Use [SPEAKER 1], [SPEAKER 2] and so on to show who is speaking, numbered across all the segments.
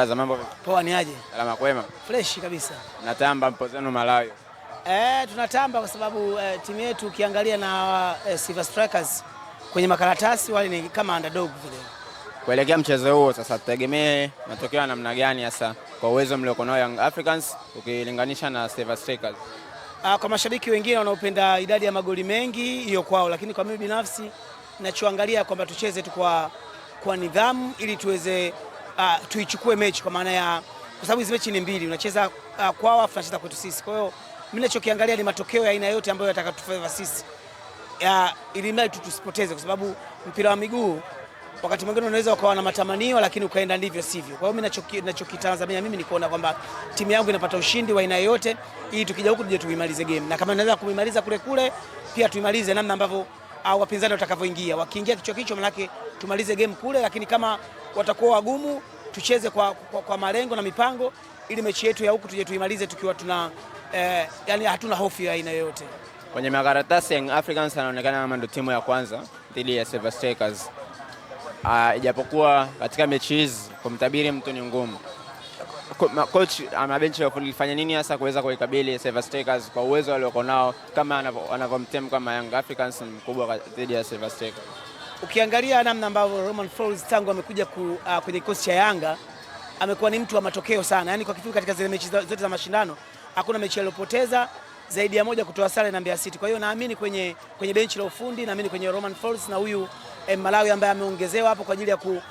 [SPEAKER 1] Blaza, mambo poa? Ni aje? Salama kwema,
[SPEAKER 2] fresh kabisa.
[SPEAKER 1] Natamba mpo zenu Malawi?
[SPEAKER 2] Eh, tunatamba kwa sababu eh, timu yetu ukiangalia na eh, Silver Strikers kwenye makaratasi wale ni kama underdog vile.
[SPEAKER 1] Kuelekea mchezo huo sasa, tutegemee matokeo ya namna gani hasa kwa uwezo mlioko nao Young Africans ukilinganisha na Silver Strikers?
[SPEAKER 2] Ah, kwa mashabiki wengine wanaopenda idadi ya magoli mengi hiyo kwao, lakini kwa mimi binafsi nachoangalia kwamba tucheze tu kwa, kwa nidhamu ili tuweze uh, tuichukue mechi kwa maana ya kwa sababu hizi mechi ni mbili, unacheza uh, kwao afu tunacheza kwetu sisi. Kwa hiyo mimi ninachokiangalia ni matokeo ya aina yote ambayo yataka sisi ya, ili mradi tu tusipoteze, kwa sababu mpira wa miguu wakati mwingine unaweza ukawa na matamanio lakini ukaenda ndivyo sivyo. Kwa hiyo mimi ninachokitazamia mimi ni kuona kwamba timu yangu inapata ushindi wa aina yoyote, ili tukija huku tuje tuimalize game, na kama naweza kumimaliza kule kule, pia tuimalize namna ambavyo au uh, wapinzani watakavyoingia. Wakiingia kichwa kichwa, manake tumalize game kule, lakini kama watakuwa wagumu tucheze kwa, kwa, kwa malengo na mipango ili mechi yetu ya huku tuje tuimalize tukiwa tuna eh, yani hatuna hofu ya aina yoyote.
[SPEAKER 1] Kwenye makaratasi Young Africans anaonekana kama ndo timu ya kwanza dhidi ya Silver Strikers. Uh, ijapokuwa katika mechi hizi kumtabiri mtu ni ngumu. Coach ama ah, benchi alifanya nini hasa kuweza kuikabili Silver Strikers kwa uwezo waliokuwa nao kama anavyomtem kama Young Africans mkubwa dhidi ya Silver Strikers?
[SPEAKER 2] ukiangalia namna ambavyo Romain Folz tangu amekuja ku, uh, kwenye kikosi cha Yanga amekuwa ni mtu wa matokeo sana, Yaani kwa kifupi, katika zile mechi zote za mashindano hakuna mechi aliyopoteza zaidi ya moja kutoa sare na Mbeya City. Kwa hiyo naamini kwenye, kwenye benchi la ufundi naamini kwenye Romain Folz na huyu eh, Malawi ambaye ameongezewa hapo kwa ajili ya ku,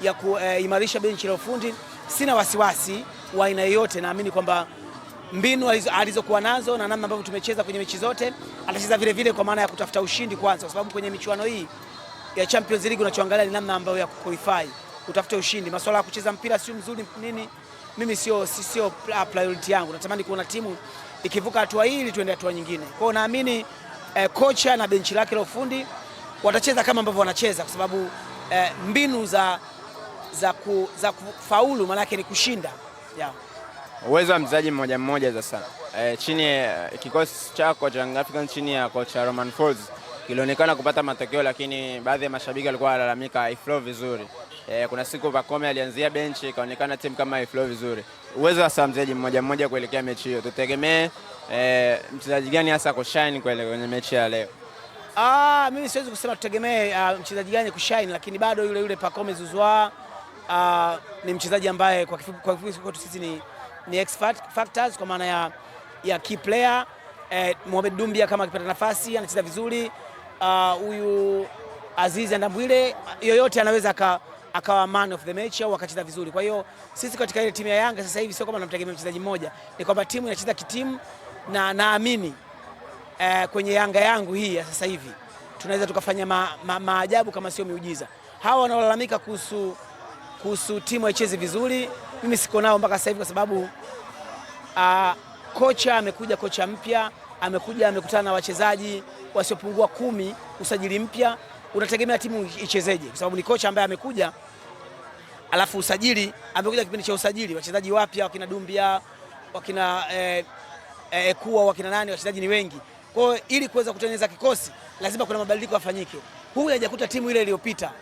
[SPEAKER 2] ya kuimarisha eh, benchi la ufundi, sina wasiwasi wa aina yoyote. Naamini kwamba mbinu alizokuwa nazo na namna ambavyo tumecheza kwenye mechi zote atacheza vile vile, kwa maana ya kutafuta ushindi kwanza, kwa sababu kwenye michuano hii ya Champions League unachoangalia ni namna ambayo ya kuqualify, utafute ushindi. Masuala ya kucheza mpira sio mzuri nini, mimi sio sio priority yangu. Natamani kuona timu ikivuka hatua hii ili tuende hatua nyingine. Kwa hiyo naamini eh, kocha na benchi lake la ufundi watacheza kama ambavyo wanacheza kwa sababu eh, mbinu za za, ku, za kufaulu maanake ni kushinda yeah.
[SPEAKER 1] Uwezo wa mchezaji mmoja mmoja sasa eh, chini ya eh, kikosi chako cha African chini ya kocha Roman Folz kilionekana kupata matokeo, lakini baadhi ya mashabiki walikuwa wanalalamika haiflow vizuri. E, kuna siku Pacome alianzia benchi ikaonekana timu kama haiflow vizuri. Uwezo wa samzeji mmoja mmoja kuelekea mechi hiyo, tutegemee e, mchezaji gani hasa kushine kwenye mechi ya leo?
[SPEAKER 2] Ah, mimi siwezi kusema tutegemee uh, mchezaji gani kushine, lakini bado yule yule Pacome Zouzoua uh, ni mchezaji ambaye kwa kifupi kwa kifupi kwetu sisi ni, ni X factors kwa maana ya, ya key player eh, Mohamed Dumbia kama akipata nafasi anacheza vizuri. Uh, huyu uh, Azizi Andambwile yoyote anaweza ka, akawa man of the match au akacheza vizuri. Kwa hiyo sisi katika ile timu ya Yanga sasa hivi sio kama tunamtegemea mchezaji mmoja, ni kwamba timu inacheza kitimu na naamini eh, kwenye Yanga yangu hii ya sasa hivi tunaweza tukafanya ma, ma, maajabu kama sio miujiza. Hawa wanaolalamika kuhusu kuhusu timu haichezi vizuri, mimi siko nao mpaka sasa hivi kwa sababu uh, kocha amekuja, kocha mpya amekuja, amekutana na wachezaji wasiopungua kumi. Usajili mpya unategemea timu ichezeje, kwa sababu ni kocha ambaye amekuja alafu usajili amekuja kipindi cha usajili, wachezaji wapya wakina Dumbia wakina eh, eh, kuwa wakina nani, wachezaji ni wengi. Kwa hiyo ili kuweza kutengeneza kikosi lazima kuna mabadiliko yafanyike. Huyu hajakuta timu ile iliyopita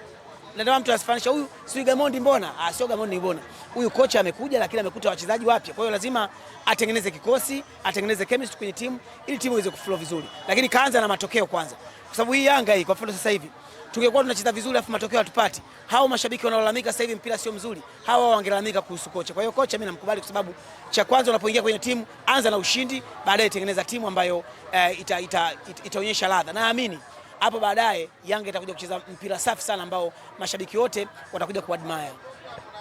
[SPEAKER 2] na ndio mtu asifanisha huyu si Gamond mbona? Ah, sio Gamondi mbona. Huyu kocha amekuja lakini amekuta wachezaji wapya. Kwa hiyo lazima atengeneze kikosi, atengeneze chemistry kwenye timu ili timu iweze kuflow vizuri. Lakini kaanza na matokeo kwanza. Kwa sababu hii Yanga hii kwa mfano sasa hivi tungekuwa tunacheza vizuri afu matokeo hatupati. Hao mashabiki wanaolalamika sasa hivi mpira sio mzuri. Hao wao wangelalamika kuhusu kocha. Kwa hiyo kocha mimi namkubali kwa sababu cha kwanza unapoingia kwenye timu anza na ushindi, baadaye tengeneza timu ambayo eh, itaonyesha ita, ita, ita ladha. Naamini hapo baadaye Yanga itakuja kucheza mpira safi sana ambao mashabiki wote watakuja kuadmire.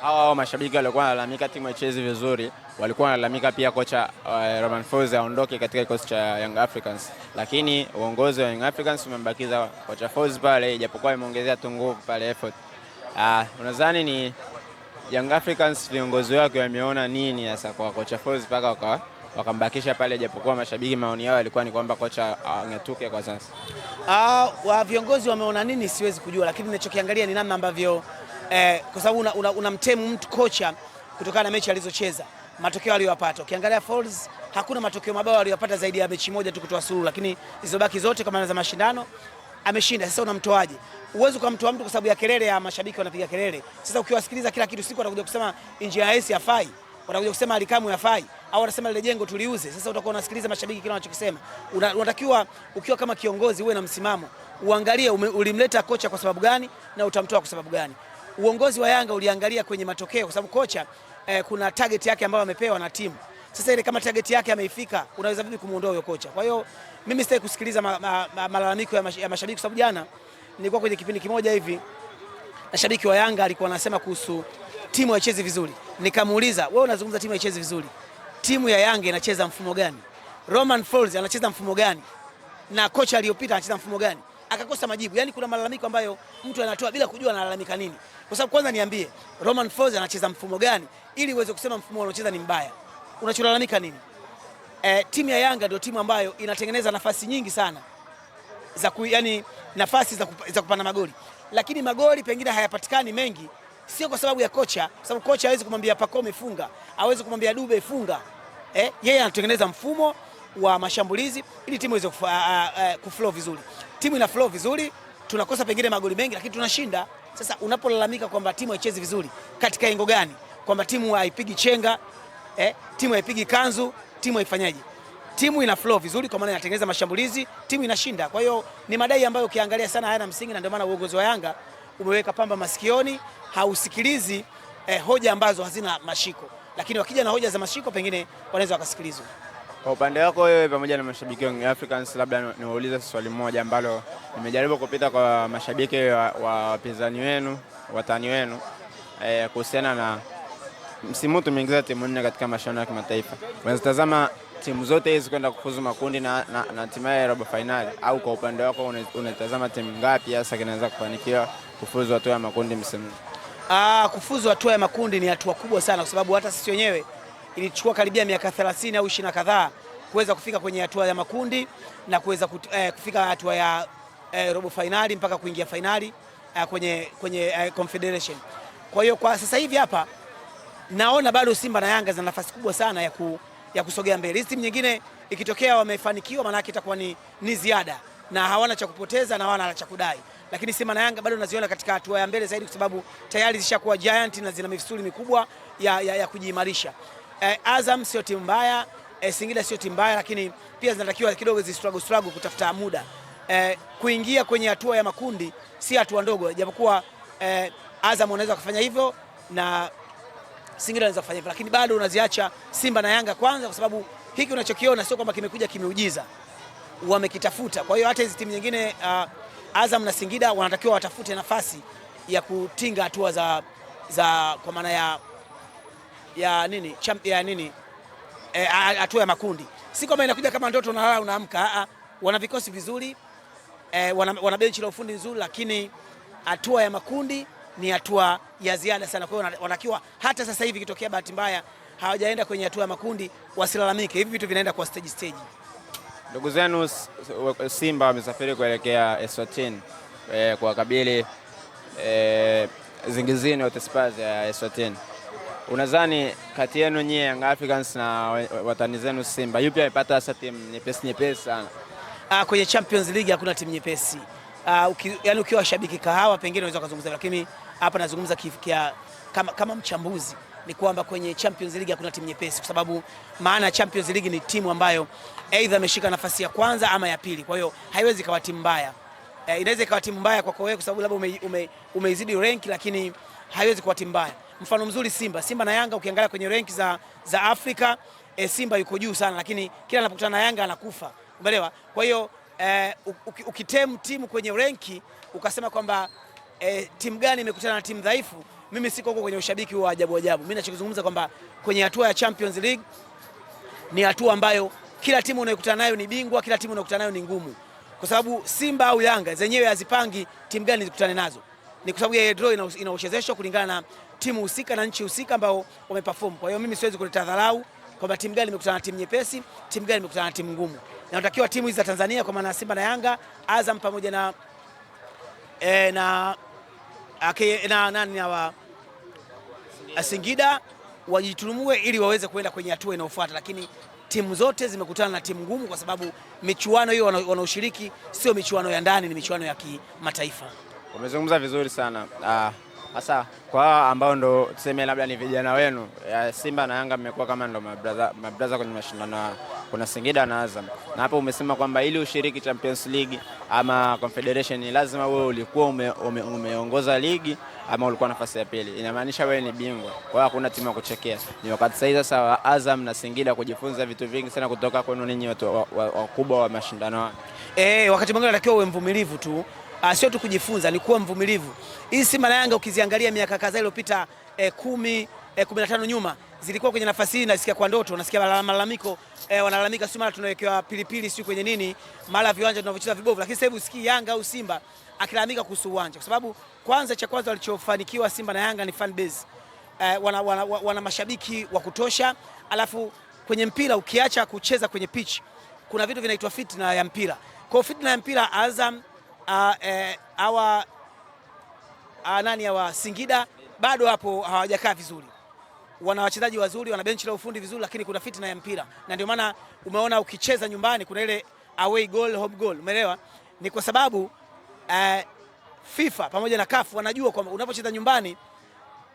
[SPEAKER 1] Hawa hao mashabiki walikuwa wanalalamika timu haichezi vizuri, walikuwa wanalalamika pia kocha uh, Roman Folz aondoke katika kikosi cha Young Africans, lakini uongozi wa Young Africans umembakiza kocha Folz pale, ijapokuwa imeongezea tu nguvu pale effort. Uh, unadhani ni Young Africans viongozi wake wameona nini hasa kwa kocha Folz mpaka wakawa wakambakisha pale, japokuwa mashabiki maoni yao yalikuwa ni kwamba kocha ah, ang'etuke kwa sasa.
[SPEAKER 2] Uh, wa viongozi wameona nini siwezi kujua, lakini ninachokiangalia ni namna ambavyo eh, kwa sababu unamtemu una, una mtu kocha kutokana na mechi alizocheza matokeo aliyopata. Ukiangalia Falls hakuna matokeo mabao aliyopata zaidi ya mechi moja tu kutoa suru, lakini zilizobaki zote kama za mashindano ameshinda. Sasa unamtoaje? Uwezo kwa mtu wa mtu kwa sababu ya kelele ya mashabiki wanapiga kelele. Sasa ukiwasikiliza kila kitu, siku watakuja kusema injia ya hafai, watakuja kusema alikamu yafai au wanasema lile jengo tuliuze. Sasa utakuwa unasikiliza mashabiki kile wanachokisema. Unatakiwa ukiwa kama kiongozi uwe na msimamo, uangalie ulimleta kocha kwa sababu gani na utamtoa kwa sababu gani. Uongozi wa Yanga uliangalia kwenye matokeo, kwa sababu kocha eh, kuna target yake ambayo amepewa na timu sasa ile kama target yake ameifika, unaweza vipi kumuondoa huyo kocha? Kwa hiyo mimi sitaki kusikiliza ma, ma, ma, malalamiko ma, ma, ya, ya mashabiki, kwa sababu jana nilikuwa kwenye kipindi kimoja hivi na shabiki wa Yanga alikuwa anasema kuhusu timu haichezi vizuri, nikamuuliza wewe unazungumza timu haichezi vizuri, timu ya Yanga inacheza mfumo gani, Roman Falls anacheza mfumo gani, na kocha aliyopita anacheza mfumo gani, akakosa majibu. Yani kuna malalamiko ambayo mtu anatoa bila kujua analalamika nini, kwa sababu kwanza niambie, Roman Falls anacheza mfumo gani ili uweze kusema mfumo anaocheza ni mbaya. Unacholalamika nini? E, timu ya Yanga ndio timu ambayo inatengeneza nafasi nyingi sana za ku, yani nafasi za, kup, za kupanda magoli, lakini magoli pengine hayapatikani mengi, sio kwa sababu ya kocha, kwa sababu kocha hawezi kumwambia Pakome funga, hawezi kumwambia Dube funga eh, yeye anatengeneza mfumo wa mashambulizi ili timu iweze kuflow vizuri. Timu ina flow vizuri, tunakosa pengine magoli mengi, lakini tunashinda. Sasa unapolalamika kwamba timu haichezi vizuri, katika engo gani? Kwamba timu haipigi chenga eh, timu haipigi kanzu, timu haifanyaje? Timu ina flow vizuri, kwa maana inatengeneza mashambulizi, timu inashinda. Kwa hiyo ni madai ambayo ukiangalia sana hayana msingi, na ndio maana uongozi wa Yanga umeweka pamba masikioni, hausikilizi eh, hoja ambazo hazina mashiko lakini wakija na hoja za mashiko pengine wanaweza wakasikilizwa.
[SPEAKER 1] Kwa upande wako wewe pamoja na mashabiki wa Young Africans, labda niwaulize swali moja ambalo nimejaribu kupita kwa mashabiki wa wapinzani wenu, watani wenu eh, kuhusiana na msimu tumeingiza timu nne katika mashindano ya kimataifa. Unazitazama timu zote hizi kwenda kufuzu makundi na hatimaye ya robo fainali, au kwa upande wako unatazama timu ngapi hasa kinaweza kufanikiwa kufuzu hatua ya makundi msimu huu?
[SPEAKER 2] Ah, kufuzu hatua ya makundi ni hatua kubwa sana, kwa sababu hata sisi wenyewe ilichukua karibia miaka 30 au 20 kadhaa kuweza kufika kwenye hatua ya makundi na kuweza eh, kufika hatua ya eh, robo fainali mpaka kuingia fainali eh, kwenye, kwenye eh, Confederation. Kwa hiyo kwa sasa hivi hapa naona bado Simba na Yanga zina nafasi kubwa sana ya, ku, ya kusogea mbele. Hizi timu nyingine ikitokea wamefanikiwa, maana yake itakuwa ni, ni ziada na hawana cha kupoteza na la cha kudai lakini Simba na Yanga bado naziona katika hatua ya mbele zaidi, kwa sababu tayari zishakuwa giant na zina mifsuli mikubwa ya, ya, ya kujiimarisha. Eh, Azam sio timu mbaya eh, Singida sio timu mbaya, lakini pia zinatakiwa kidogo zistruggle struggle kutafuta muda eh, kuingia kwenye hatua ya makundi si hatua ndogo, japokuwa eh, Azam wanaweza kufanya hivyo na Singida anaweza kufanya hivyo, lakini bado unaziacha Simba na Yanga kwanza, kwa sababu hiki unachokiona sio kwamba kimekuja kimeujiza, wamekitafuta. Kwa hiyo hata hizi timu nyingine uh, Azam na Singida wanatakiwa watafute nafasi ya kutinga hatua za, za kwa maana ya, ya nini hatua ya, nini, e, ya makundi, si kama inakuja kama ndoto unalala unaamka. Wana vikosi vizuri e, wana, wana benchi la ufundi nzuri, lakini hatua ya makundi ni hatua ya ziada sana. Kwa hiyo wanatakiwa hata sasa hivi ikitokea bahati mbaya hawajaenda kwenye hatua ya makundi wasilalamike, hivi vitu vinaenda kwa stage stage.
[SPEAKER 1] Ndugu zenu Simba wamesafiri kuelekea Eswatini e, kuwakabili e, zingizini Hotspurs ya Eswatini. Unadhani kati yenu nyie Young Africans na watani zenu Simba yupi amepata hasa timu nyepesi nyepesi sana?
[SPEAKER 2] Ah, kwenye Champions League hakuna timu nyepesi. Ah, uki, yani ukiwa shabiki kahawa pengine unaweza kuzungumza, lakini hapa nazungumza kama, kama mchambuzi ni kwamba kwenye Champions League hakuna timu nyepesi, kwa sababu maana Champions League ni timu ambayo aidha ameshika nafasi ya kwanza ama ya pili, kwa hiyo haiwezi ikawa timu mbaya. E, inaweza ikawa timu mbaya kwako wewe kwa sababu labda ume, ume, rank, lakini haiwezi kuwa timu mbaya. Mfano mzuri Simba, Simba na Yanga ukiangalia kwenye rank za, za Afrika e, Simba yuko juu sana, lakini kila anapokutana na Yanga anakufa, umeelewa? Kwa hiyo e, ukitem timu kwenye ranki ukasema kwamba e, timu gani imekutana na timu dhaifu mimi siko huko kwenye ushabiki wa ajabu ajabu. Mimi nachozungumza kwamba kwenye hatua ya Champions League ni hatua ambayo kila timu unayokutana nayo ni bingwa, kila timu unayokutana nayo ni ngumu, kwa sababu Simba au Yanga zenyewe hazipangi timu gani zikutane nazo, ni kwa sababu ya draw inaochezeshwa kulingana na timu husika na nchi husika ambao wameperform. Kwa hiyo mimi siwezi kuleta dharau kwamba timu gani imekutana na timu nyepesi, timu gani imekutana na timu ngumu. Natakiwa timu hizi za Tanzania kwa maana Simba na Yanga, Azam pamoja na, e, na, ake, na, na, na, na, na Eh, Singida wajiturumue ili waweze kwenda kwenye hatua inayofuata, lakini timu zote zimekutana na timu ngumu, kwa sababu michuano hiyo wanaoshiriki sio michuano ya ndani, ni michuano ya kimataifa.
[SPEAKER 1] Wamezungumza vizuri sana ah, hasa ah, kwa ambao ndo tuseme labda ni vijana wenu ya eh, Simba na Yanga, mmekuwa kama ndo mabraza kwenye mashindano haya kuna Singida na Azam, na hapo umesema kwamba ili ushiriki Champions League ama Confederation ni lazima wewe ulikuwa ume, ume, umeongoza ligi ama ulikuwa nafasi ya pili, inamaanisha wewe ni bingwa. Kwa hiyo hakuna timu ya kuchekea. Ni wakati sasa sasa wa Azam na Singida kujifunza vitu vingi sana kutoka kwenu ninyi watu wakubwa wa, wa, wa, mashindano mashindano.
[SPEAKER 2] Eh, wakati mwingine unatakiwa uwe mvumilivu tu, ah, sio tu kujifunza, ni kuwa mvumilivu. Hii Simba na Yanga ukiziangalia miaka kadhaa iliyopita eh, kumi eh, nyuma zilikuwa kwenye nafasi hii, nasikia kwa ndoto, nasikia malalamiko eh, wanalalamika sio mara tunawekewa pilipili sio kwenye nini, mara viwanja tunavyocheza vibovu, lakini sasa hivi usikii Yanga au Simba akilalamika kuhusu uwanja, kwa sababu kwanza, cha kwanza walichofanikiwa Simba na Yanga ni fan base eh, wana, wana, wana mashabiki wa kutosha, alafu kwenye mpira ukiacha kucheza kwenye pitch kuna vitu vinaitwa fitna ya mpira. Kwa fitna ya mpira Azam uh, eh, awa, uh, ah, nani hawa Singida bado hapo hawajakaa vizuri wana wachezaji wazuri, wana benchi la ufundi vizuri, lakini kuna fitna ya mpira, na ndio maana umeona ukicheza nyumbani kuna ile away goal home goal, umeelewa? Ni kwa sababu uh, FIFA pamoja na CAF wanajua kwamba unapocheza nyumbani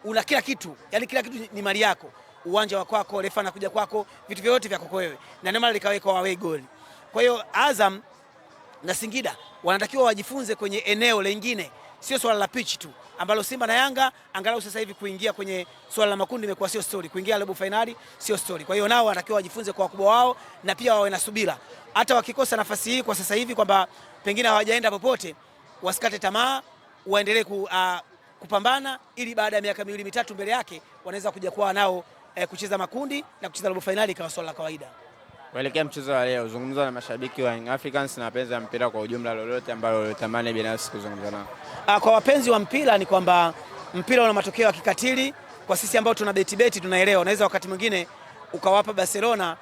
[SPEAKER 2] una kila kitu, yani kila kitu ni mali yako, uwanja wa kwako, refa anakuja kwako, vitu vyote vya kwako wewe, na ndio maana likawekwa away goal. Kwa hiyo Azam na Singida wanatakiwa wajifunze kwenye eneo lingine, sio swala la pitch tu ambalo Simba na Yanga angalau sasa hivi kuingia kwenye swala la makundi imekuwa sio story, kuingia robo fainali sio story. Kwa hiyo nao wanatakiwa wajifunze kwa wakubwa wao na pia wawe na subira, hata wakikosa nafasi hii kwa sasa hivi kwamba pengine hawajaenda popote, wasikate tamaa, waendelee ku, uh, kupambana ili baada ya miaka miwili mitatu mbele yake wanaweza kuja kuwa nao eh, kucheza makundi na kucheza robo finali kama swala la kawaida.
[SPEAKER 1] Kuelekea mchezo wa leo, zungumza na mashabiki wa Young Africans na wapenzi wa mpira kwa ujumla, lolote ambalo ulitamani binafsi kuzungumza nao.
[SPEAKER 2] Ah, kwa wapenzi wa mpira ni kwamba mpira una matokeo ya kikatili. Kwa sisi ambao tuna beti beti tunaelewa, unaweza wakati mwingine ukawapa Barcelona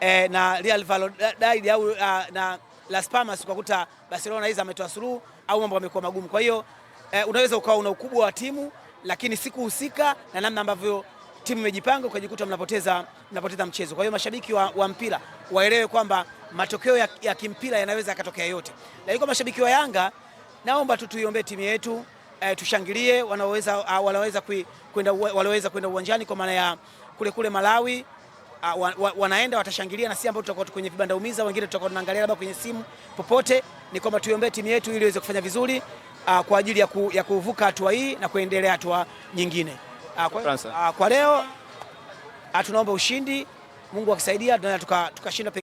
[SPEAKER 2] eh, na Real Valladolid au uh, na Las Palmas, ukakuta Barcelona hizi ametoa suluhu au mambo yamekuwa magumu. Kwa hiyo eh, unaweza ukawa una ukubwa wa timu, lakini siku husika na namna ambavyo timu imejipanga ukajikuta mnapoteza, mnapoteza mchezo. Kwa hiyo mashabiki wa, wa mpira waelewe kwamba matokeo ya, ya kimpira yanaweza yakatokea yote, lakini kwa mashabiki wa Yanga naomba tu tuiombee timu yetu e, tushangilie wanaoweza wanaweza ah, kwenda wanaweza kwenda uwanjani kwa maana ya kule kule Malawi Uh, wa, wa, wanaenda watashangilia na sisi ambao tutakuwa kwenye vibanda umiza, wengine tutakuwa tunaangalia labda kwenye simu. Popote ni kwamba tuiombee timu yetu ili iweze kufanya vizuri uh, kwa ajili ya, ku, ya kuvuka hatua hii na kuendelea hatua nyingine. Ah, kwa, ah, kwa leo ah, tunaomba ushindi, Mungu akisaidia tunaweza tukashinda tuka